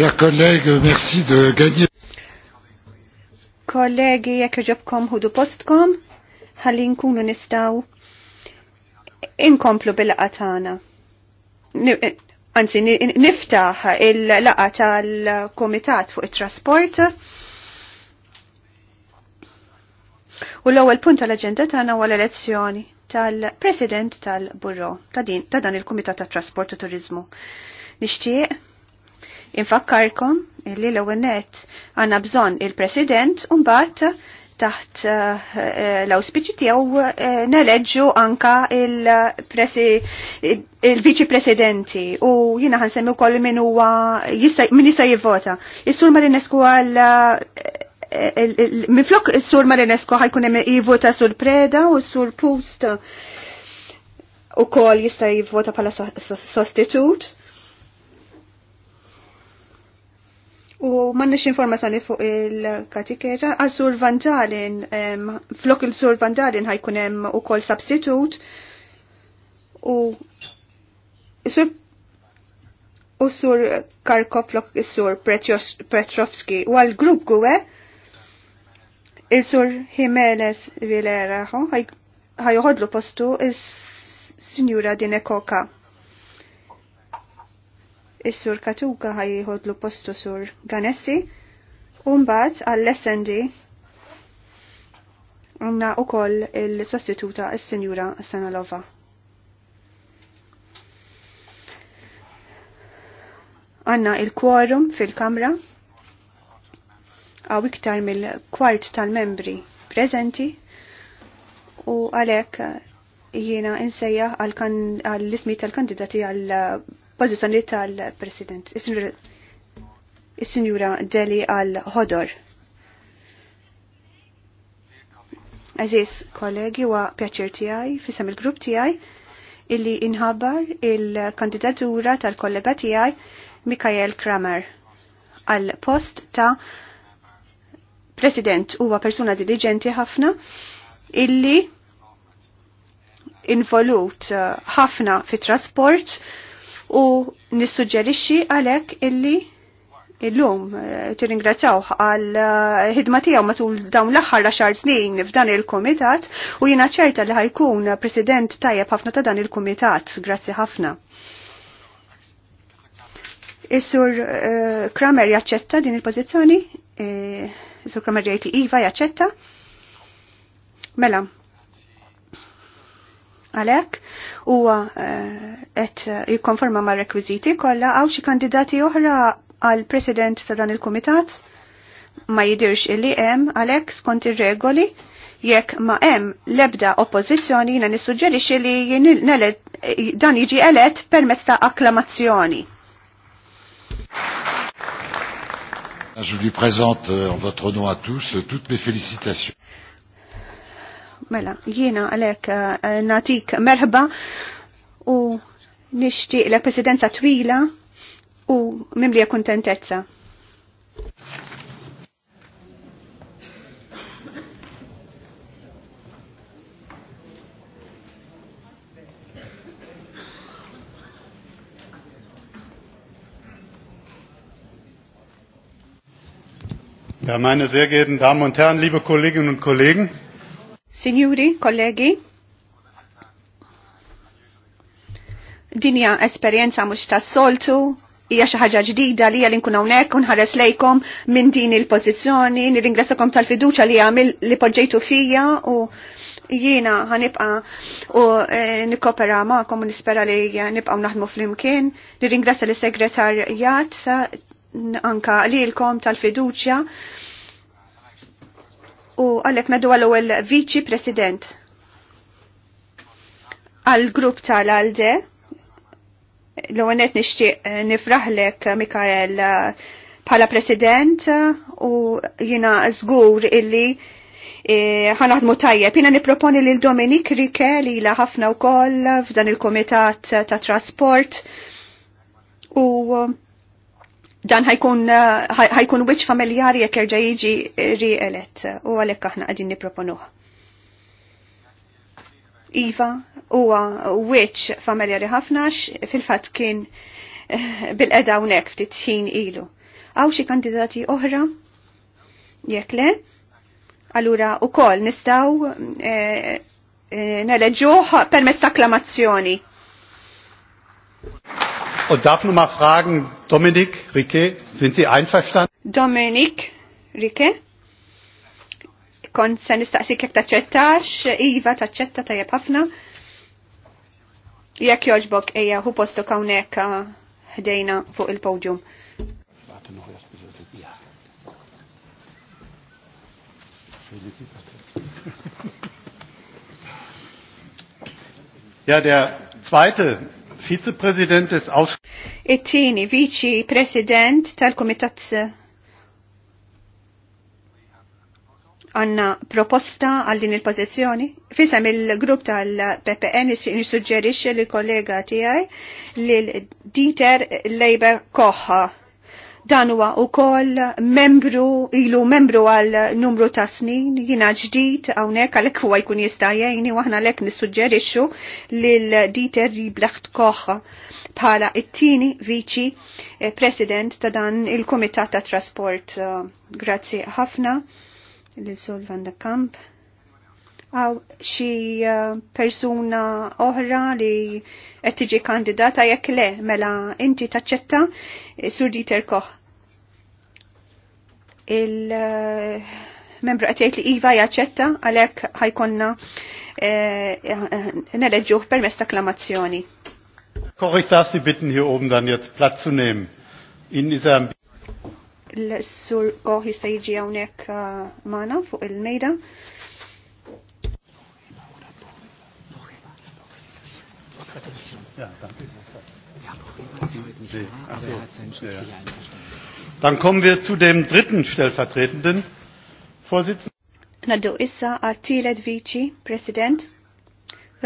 Chers collègues, merci de gagner. Kollegi, jekk ġobkom ħudu postkom, ħalli nkunu nistaw inkomplu bil-qatana. Eh, anzi, niftaħ il-laqa tal-Komitat fuq it-Trasport. U l-ewwel punt tal-aġenda tagħna huwa l-elezzjoni tal-President tal-Burro ta' dan il-Kumitat tat-Trasport u Turizmu. Nixtieq Infakkarkom li l-ewwel nett għandna bżonn il-President u mbagħad taħt eh, eh, l-auspiċi tiegħu eh, neleġġu anka il-viċi presidenti u jiena ħansemmi wkoll min huwa min jista' jivvota. Is-Sur Rinesku għal minflok is-Sur Marinescu ħajkun hemm jivvota sur Preda u sur Pust u kol jista' jivvota bħala sostitut U mannix informazzjoni fuq il-katiketa, għal-sur vandalin, flok il-sur vandalin ħajkunem u kol substitut, u sur u sur Karkov flok il-sur Petrovski, u għal-grupp għuwe, il-sur Jimenez Vilera, ħajuħodlu postu il-sinjura Dinekoka. Is-sur Katuka ħajjieħodlu postu sur Ganessi. Umbat għall-SND unna u koll il-sostituta il-senjura Sanalova. Għanna il-kworum fil-kamra għaw iktar mill-kwart tal-membri prezenti u għalek jiena insejja għall-ismi tal-kandidati għal pożizzjoni tal-President. Is-Sinjura Deli għal Hodor. Aziz kollegi wa pjaċir tijaj, fisem il-grupp tiegħi illi inħabbar il-kandidatura tal-kollega tiegħi Mikael Kramer għal post ta' President huwa persuna diligenti ħafna illi involut uh, ħafna fit trasport u nissuġġerixxi għalhekk illi illum eh, tirringrazzaw għal eh, ħidma tiegħu matul dawn l-aħħar xar snin f'dan il-kumitat u jiena ċerta li ħajkun president tajjeb ħafna ta' dan il-kumitat. Grazzi ħafna. Is-sur eh, Kramer jaċċetta din il-pożizzjoni? Is-sur Kramer jgħid li iva jaċċetta? Mela, Għalek, huwa qed eh, jikkonforma ma' rekwiżiti kollha għaw xi kandidati oħra għal president ta' dan il-kumitat ma jidirx illi hemm għalek skont ir-regoli jekk ma hemm lebda oppożizzjoni jiena nissuġġerixxi li dan jiġi elett permezz ta' akklamazzjoni. Je vous présente en votre nom à tous toutes mes félicitations. Mela, jiena għalek eh, natik merħba u nishtiq la presidenza twila u mimlija kontentezza. Ja, meine sehr geehrten Damen und Herren, liebe Kolleginnen und Kollegen, Sinjuri, kollegi, dinja esperjenza mhux tas-soltu, hija xi ħaġa ġdida li hija li nkun hawnhekk u nħares lejkom minn din il-pożizzjoni, nirringrazzakom tal-fiduċja li għamil li poġġejtu fija u jiena ħanibqa' u eh, nikkopera magħkom u nispera li nibqgħu naħdmu flimkien. Nirringrassa lis segretarjat anka lilkom tal-fiduċja u għalek nadu għal ewwel viċi president għal grupp tal-Alde l-għonet nishtiq eh, nifraħlek eh, Mikael eh, bħala president u jina zgur illi ħanaħdmu tajjeb. Jina niproponi lil Dominik Rike li la ħafna u koll f'dan il-komitat ta' trasport u dan ħajkun eh, ħajkun wiċċ familjari jekk jerġa' jiġi eh, rielet u għalhekk aħna qegħdin nipproponuha. Iva huwa wiċċ familjari ħafna fil-fatt kien eh, bil-qeda hawnhekk ftit ħin ilu. Aw xi kandidati oħra? Jekk le? Allura ukoll nistgħu neleġġuh permezz ta' akklamazzjoni. Und darf nur mal fragen, Dominik, Rike, sind Sie einverstanden? Dominik, Rike? Kon se nistaqsik jek taċċettax, Iva taċċetta tajjeb ħafna. Jekk joġbok eja hu postu kawnek ah, ħdejna fuq il-podium. Er ja, der zweite Vizepräsident des Ausschusses. It-tieni viċi President tal-Kumitat għanna proposta għal din il-pozizjoni. Fisem il-grupp tal-PPN nissuġġerixxi li kollega tiegħi lil Dieter Leiber Koha. Dan huwa wkoll membru ilu membru għal numru ta' snin jiena ġdid hawnhekk għalhekk huwa jkun jista' jgħinni aħna lek nissuġġerixxu lil Dieter Riblacht Koch bħala it-tieni viċi eh, president ta' dan il-Kumitat ta' Trasport. Eh, grazzi ħafna lil Sul van der Kamp. Għaw xi eh, persuna oħra li qed tiġi kandidata jekk le mela inti taċċetta Sur Dieter Koch il membra għatjajt li Iva jaċċetta għalek ħajkonna neleġuħ per ta' klamazzjoni. Korrekt si bitten, hier oben dan jetzt Platz zu nehmen. Ihnen ist l-sur koħi jista' jiġi hawnhekk magħna fuq il-mejda. Ja, danke. Ja, aber er hat seinen Schritt hier einverstanden. Dann kommen wir zu dem dritten stellvertretenden Vorsitzenden. Naddu issa għattilet viċi, President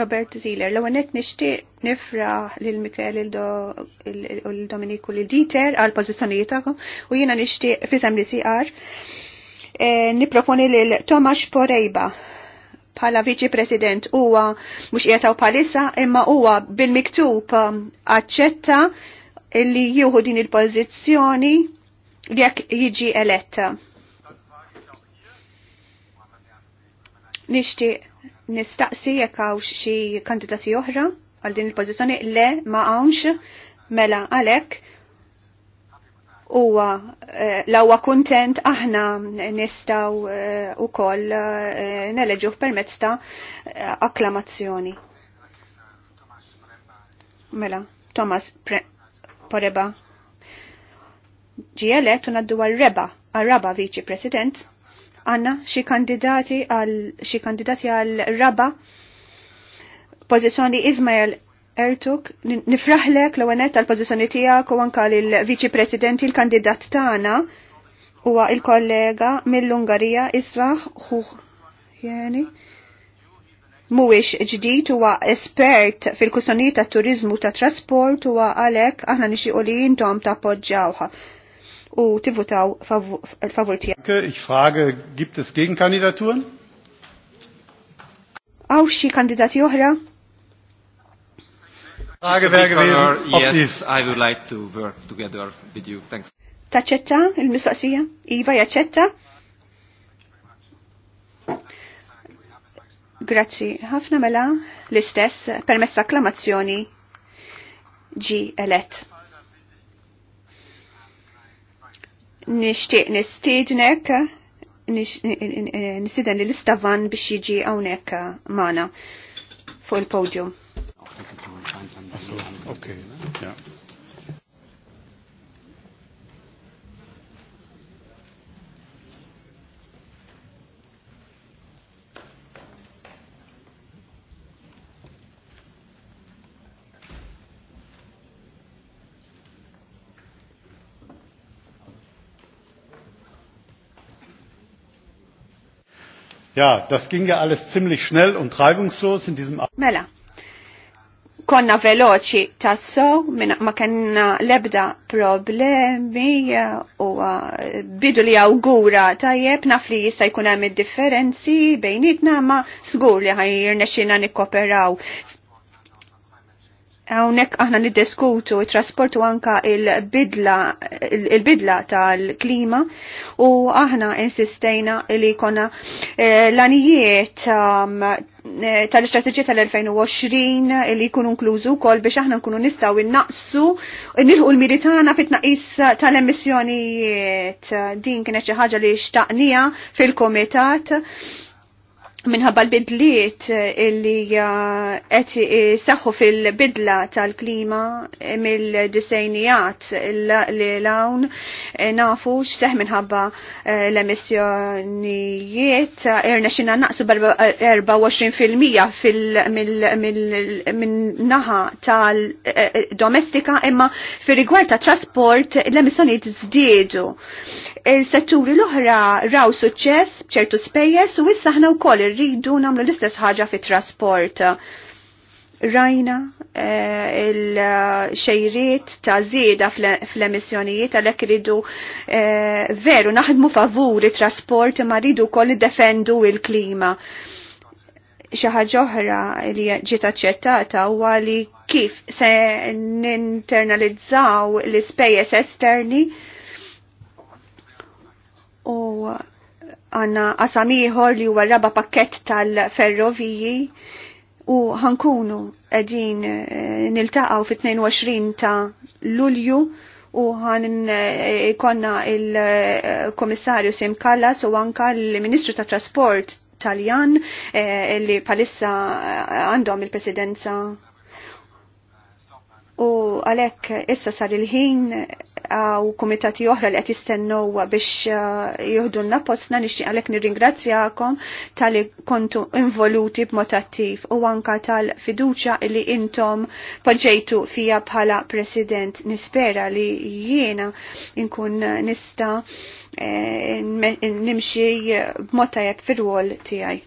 Robert Ziller. L-għonet nishti nifra l-Mikael il-Dominiku l-Dieter għal pozizjoni u jiena nixtieq fisem li CR eh, niproponi lil Tomas Porejba bħala viċi president huwa mhux jietaw palissa imma huwa bil-miktub eh, aċċetta li jieħu din il-pożizzjoni jekk jiġi eletta. Nishti nistaqsi jekk hawnx xi kandidati oħra għal din il-pożizzjoni le ma hawnx mela għalhekk huwa eh, l kontent kuntent aħna nistgħu eh, ukoll eh, neleġuh permezz ta' akklamazzjoni. Mela, Thomas Poreba ġiele elett u naddu għal-reba, għal-raba viċi president, għanna xi kandidati għal kandidati għal raba pożizzjoni Ismail Ertuk, nifraħlek l-għanet għal-pożizzjoni tiegħek u anka l-viċi president il-kandidat tagħna huwa il-kollega mill-Ungarija Israħ Xuħ Jeni mhuwiex ġdid huwa espert fil-kustonijiet tat-turizmu tat trasport huwa għalhekk aħna u li jintom ta' podġawħa u tivutaw favur tiegħek. Ich frage, gibt es Gegenkandidaturen? Aw xi kandidati oħra? Frage wäre gewesen, ob yes, I would like to work together with you. Thanks. Taċċetta il-mistoqsija? Iva jaċċetta? Grazzi. Ħafna mela l-istess permessa akklamazzjoni ġi elett. nishtiq nistidnek, nistiden li l-istavan biex jiġi għawnek mana fuq il-podium. Okay, yeah. Ja, das ging ja alles ziemlich schnell und reibungslos in diesem Mela. Konna veloċi tasso, ma kanna lebda problemi u uh, bidu li awgura tajjeb naf li jista' jkun hemm differenzi bejnietna ma żgur li ħajrnexxina nikkoperaw Hawnhekk aħna niddiskutu trasportu anka il-bidla il-bidla tal-klima u aħna insistejna li kona eh, l-anijiet um, eh, tal-istrateġija tal-2020 li jkunu inklużu kol biex aħna nkunu nistgħu innaqsu nilħu l-miri tagħna fit-tnaqqis tal-emissjonijiet. Din kienet xi ħaġa li xtaqnija fil-kumitat minħabba l-bidliet eh, illi eh, qed saħħu fil-bidla tal-klima eh, mill-disejnijat li lawn nafu x'seħ minħabba l-emissjonijiet erna xina naqsu b-24% min naħa tal-domestika imma fir rigward ta' trasport l-emissjonijiet żdiedu il-setturi l-oħra raw suċċess b'ċertu spejjeż u issa aħna wkoll irridu nagħmlu l-istess ħaġa fit-trasport. Rajna eh, il-xejriet ta' zieda fl-emissjonijiet għalhekk iridu eh, veru naħdmu favur it-trasport ma rridu wkoll iddefendu il-klima. Xi ħaġa oħra li ġiet aċċettata huwa li kif se ninternalizzaw l-ispejjeż esterni u għanna għasamiħor li huwa raba pakket tal-ferroviji u ħankunu għedin eh, niltaqaw fit-22 ta' Lulju u għan eh, ikonna il-komissarju Sim Kallas u anka l-Ministru ta' Trasport Taljan eh, li palissa għandhom il-presidenza u għalek issa sar il-ħin għaw komitati oħra li għet jistennow biex uh, n postna nixtieq għalek nirringrazzjakom tal-li kontu involuti b'mod attiv u anka tal-fiduċa li intom poġġejtu fija bħala president nispera li jiena inkun nista eh, nimxi b'mod tajab fir wol tijaj.